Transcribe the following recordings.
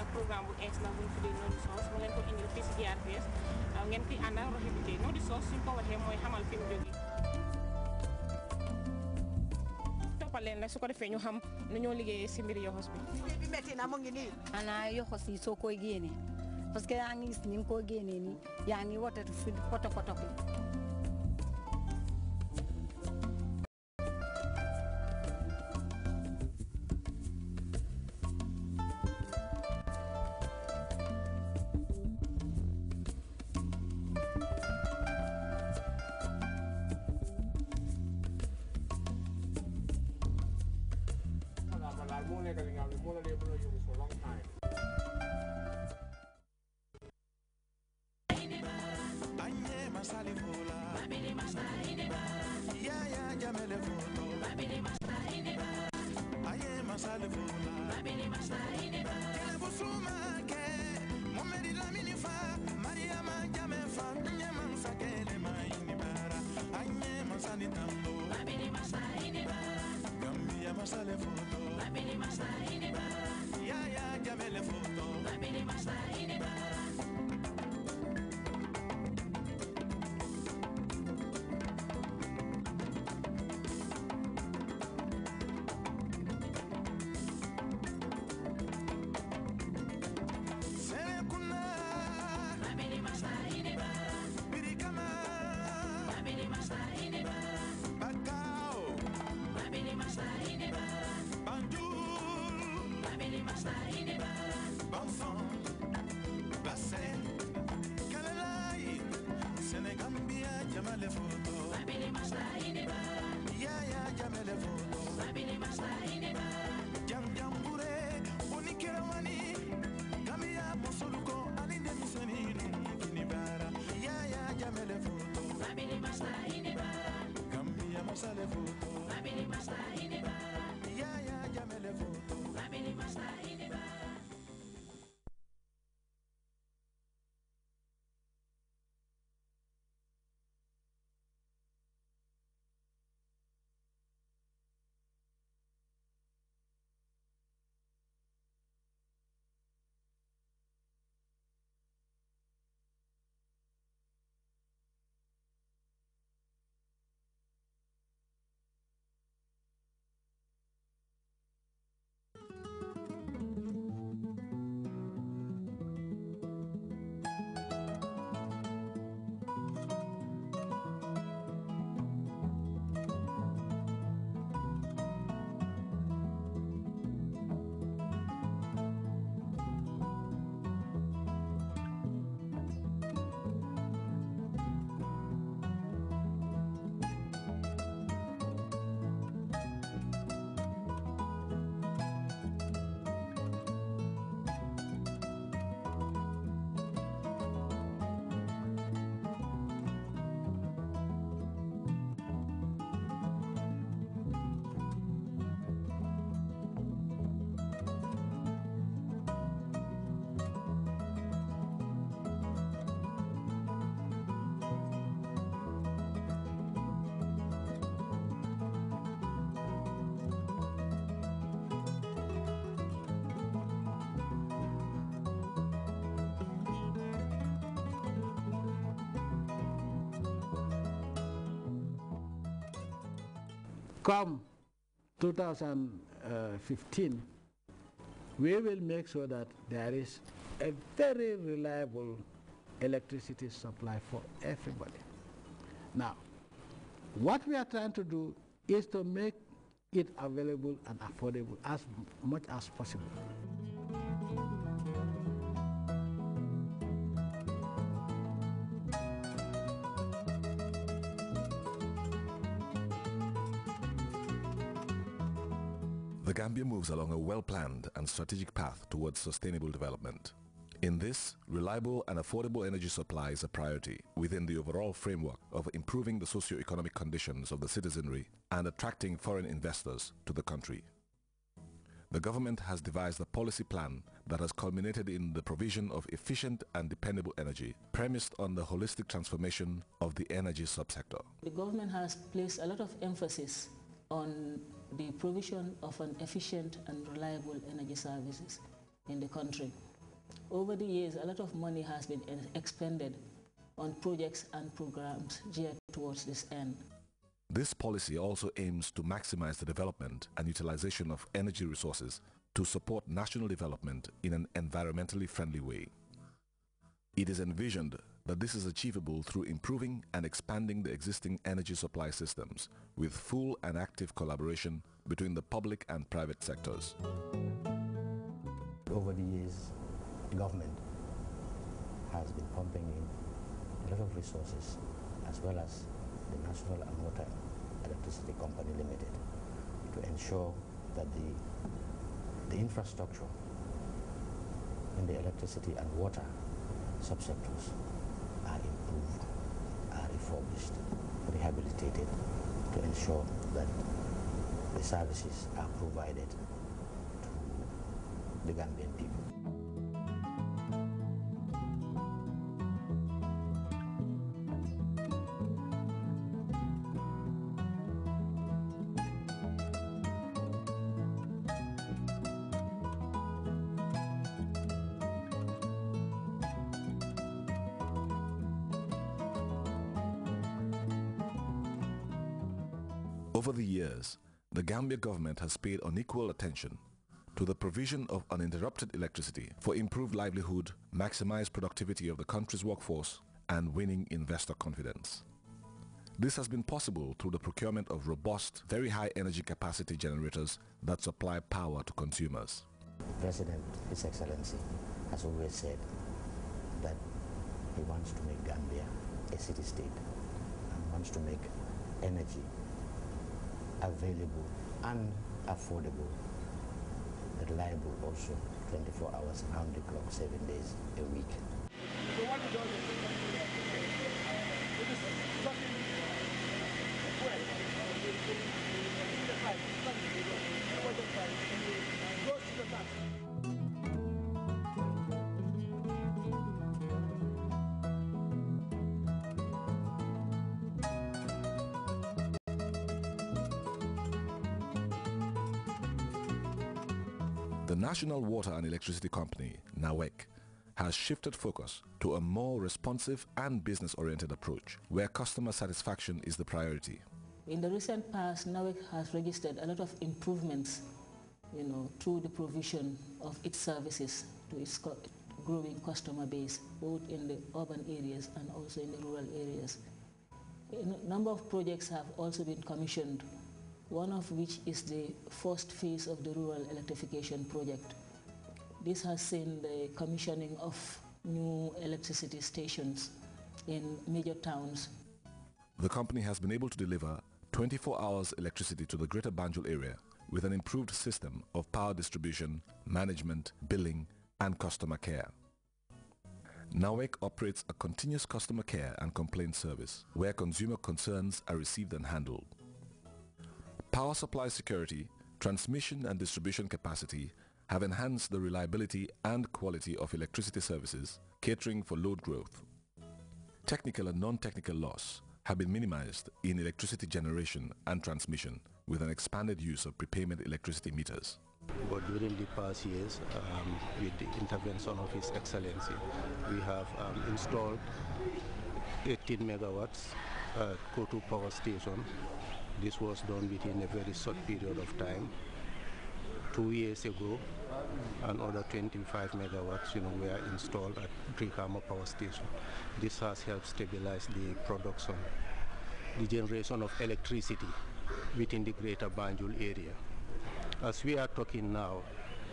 nag programme bu ees la bu ñu tuddee Nodi Sauce mu leen ko indil fii si GRTS ngeen koy àndal roxibité Nodi Sauce suñ ko waxee mooy xamal fi mu jógee. toppal leen nag su ko defee ñu xam nu ñoo liggéeyee si mbiri yoxos bi. liggéey bi métti na mu ngi nii. xanaa yoxos soo ko génnee parce que yaa ngi gis ni nga koo génnee nii yaa ngi wotatu fi poto been Kalinga, Ramona Lebro yung for a long time. foto come 2015, we will make sure that there is a very reliable electricity supply for everybody. Now, what we are trying to do is to make it available and affordable as much as possible. The Gambia moves along a well-planned and strategic path towards sustainable development. In this, reliable and affordable energy supply is a priority within the overall framework of improving the socio-economic conditions of the citizenry and attracting foreign investors to the country. The government has devised a policy plan that has culminated in the provision of efficient and dependable energy premised on the holistic transformation of the energy subsector. The government has placed a lot of emphasis on the provision of an efficient and reliable energy services in the country. Over the years, a lot of money has been expended on projects and programs geared towards this end. This policy also aims to maximize the development and utilization of energy resources to support national development in an environmentally friendly way. It is envisioned that this is achievable through improving and expanding the existing energy supply systems with full and active collaboration between the public and private sectors. Over the years, government has been pumping in a lot of resources as well as the National and Water Electricity Company Limited to ensure that the, the infrastructure in the electricity and water subsectors are improved, are refurbished, rehabilitated to ensure that the services are provided to the Gambian people. Over the years, the Gambia government has paid unequal attention to the provision of uninterrupted electricity for improved livelihood, maximized productivity of the country's workforce, and winning investor confidence. This has been possible through the procurement of robust, very high energy capacity generators that supply power to consumers. President, His Excellency, has always said that he wants to make Gambia a city-state and wants to make energy available and affordable, reliable also, 24 hours around the clock, seven days a week. So The National Water and Electricity Company, NAWEC, has shifted focus to a more responsive and business-oriented approach where customer satisfaction is the priority. In the recent past, NAWEC has registered a lot of improvements you know, through the provision of its services to its growing customer base, both in the urban areas and also in the rural areas. A number of projects have also been commissioned one of which is the first phase of the rural electrification project. This has seen the commissioning of new electricity stations in major towns. The company has been able to deliver 24 hours electricity to the greater Banjul area with an improved system of power distribution, management, billing and customer care. NAWEC operates a continuous customer care and complaint service where consumer concerns are received and handled. Power supply security, transmission and distribution capacity have enhanced the reliability and quality of electricity services, catering for load growth. Technical and non-technical loss have been minimized in electricity generation and transmission with an expanded use of prepayment electricity meters. But during the past years, um, with the intervention of His Excellency, we have um, installed 18 megawatts at uh, Koto Power Station this was done within a very short period of time. Two years ago, another 25 megawatts you know, were installed at Drikama Power Station. This has helped stabilize the production, the generation of electricity within the greater Banjul area. As we are talking now,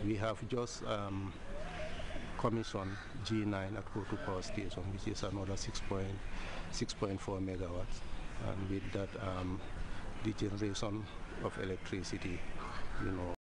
we have just um, commissioned G9 at Kotu Power Station, which is another 6.4 megawatts. And with that, um, the generation of electricity, you know.